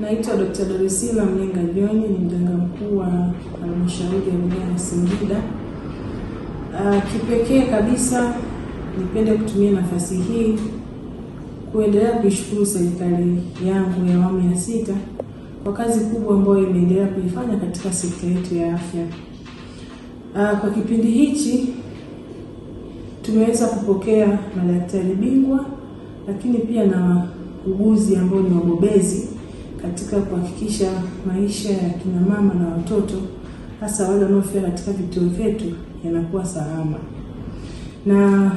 Naitwa Dr. Dorisila Mlenga Joni, ni mganga mkuu wa halmashauri ya wilaya ya Singida. Uh, kipekee kabisa nipende kutumia nafasi hii kuendelea kuishukuru serikali yangu ya awamu ya sita kwa kazi kubwa ambayo imeendelea kuifanya katika sekta yetu ya afya. Uh, kwa kipindi hichi tumeweza kupokea madaktari bingwa lakini pia na uguzi ambao ni wabobezi katika kuhakikisha maisha ya kina mama na watoto hasa wale wanaofika katika vituo vyetu yanakuwa salama, na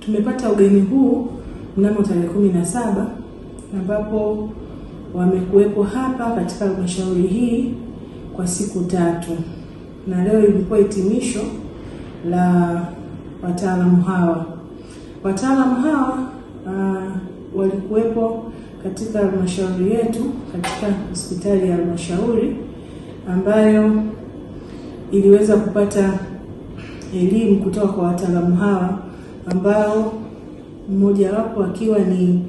tumepata ugeni huu mnamo tarehe kumi na saba ambapo wamekuwepo hapa katika halmashauri hii kwa siku tatu, na leo ilikuwa hitimisho la wataalamu hawa. Wataalamu hawa uh, walikuwepo katika halmashauri yetu katika hospitali ya halmashauri ambayo iliweza kupata elimu kutoka kwa wataalamu hawa ambao mmoja wapo akiwa ni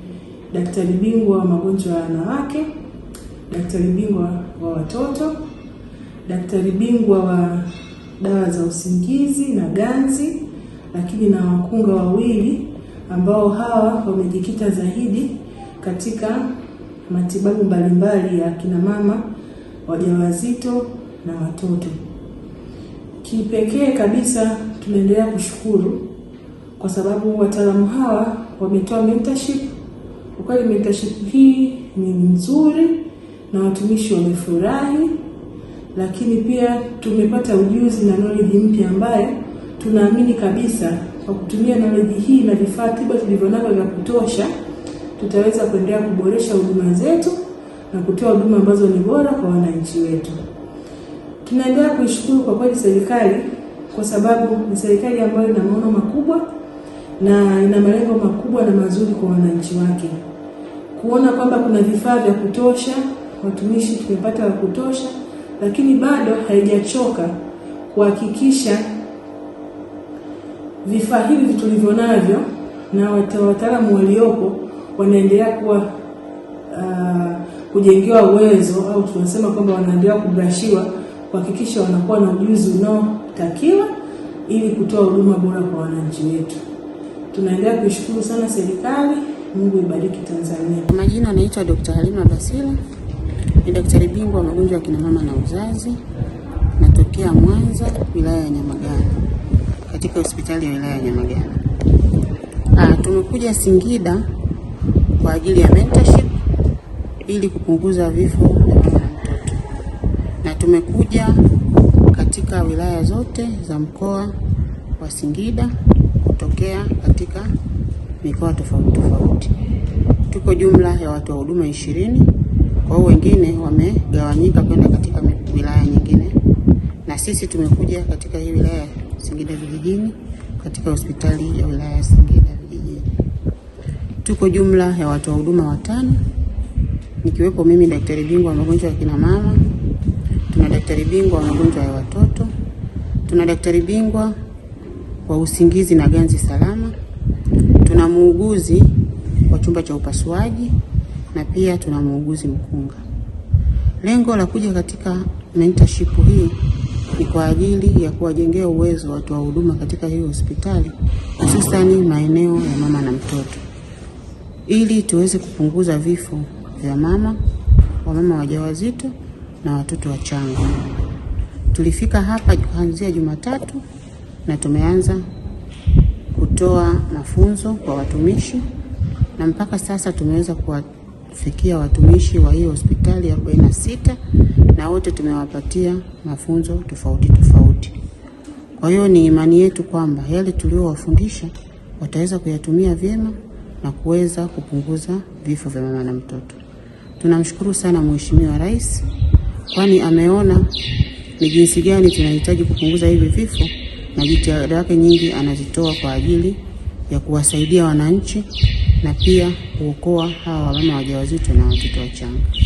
daktari bingwa wa magonjwa ya wanawake, daktari bingwa wa watoto, daktari bingwa wa dawa za usingizi na ganzi, lakini na wakunga wawili ambao hawa wamejikita zaidi katika matibabu mbalimbali ya kina mama wajawazito na watoto. Kipekee kabisa tunaendelea kushukuru kwa sababu wataalamu hawa wametoa mentorship. Kwa kweli mentorship hii ni nzuri na watumishi wamefurahi, lakini pia tumepata ujuzi na knowledge mpya ambayo tunaamini kabisa kwa kutumia knowledge hii na vifaa tiba tulivyonavyo vya kutosha tutaweza kuendelea kuboresha huduma zetu na kutoa huduma ambazo ni bora kwa wananchi wetu. Tunaendelea kuishukuru kwa kweli serikali kwa sababu ni serikali ambayo ina maono makubwa na ina malengo makubwa na mazuri kwa wananchi wake. Kuona kwamba kuna vifaa vya kutosha, watumishi tumepata wa kutosha, lakini bado haijachoka kuhakikisha vifaa hivi tulivyo navyo na wataalamu waliopo wanaendelea kuwa uh, kujengewa uwezo au tunasema kwamba wanaendelea kubrashiwa kuhakikisha wanakuwa na ujuzi unaotakiwa ili kutoa huduma bora kwa wananchi wetu. Tunaendelea kuishukuru sana serikali. Mungu ibariki Tanzania. Majina anaitwa Dr. Halima Basila, ni daktari bingwa wa magonjwa ya kina mama na uzazi, natokea Mwanza, wilaya ya Nyamagana, katika hospitali ya wilaya ya Nyamagana. Ah, tumekuja Singida kwa ajili ya mentorship ili kupunguza vifo vya mama na mtoto, na tumekuja katika wilaya zote za mkoa wa Singida kutokea katika mikoa tofauti tofauti. Tuko jumla ya watu wa huduma ishirini, kwa hiyo wengine wamegawanyika kwenda katika wilaya nyingine, na sisi tumekuja katika hii wilaya ya Singida vijijini katika hospitali ya wilaya ya Singida. Tuko jumla ya watoa huduma watano, nikiwepo mimi daktari bingwa wa magonjwa ya kina mama. Tuna daktari bingwa wa magonjwa ya watoto, tuna daktari bingwa wa usingizi na ganzi salama, tuna muuguzi wa chumba cha upasuaji na pia tuna muuguzi mkunga. Lengo la kuja katika mentorship hii ni kwa ajili ya kuwajengea uwezo watoa huduma katika hii hospitali, hususani maeneo ya mama na mtoto ili tuweze kupunguza vifo vya mama, wa mama wajawazito na watoto wachanga. Tulifika hapa kuanzia Jumatatu na tumeanza kutoa mafunzo kwa watumishi na mpaka sasa tumeweza kuwafikia watumishi wa hii hospitali 46 na wote tumewapatia mafunzo tofauti tofauti. Kwa hiyo ni imani yetu kwamba yale tuliowafundisha wataweza kuyatumia vyema na kuweza kupunguza vifo vya mama na mtoto. Tunamshukuru sana Mheshimiwa Rais, kwani ameona ni jinsi gani tunahitaji kupunguza hivi vifo, na jitihada yake nyingi anazitoa kwa ajili ya kuwasaidia wananchi na pia kuokoa hawa wamama wajawazito na watoto wachanga.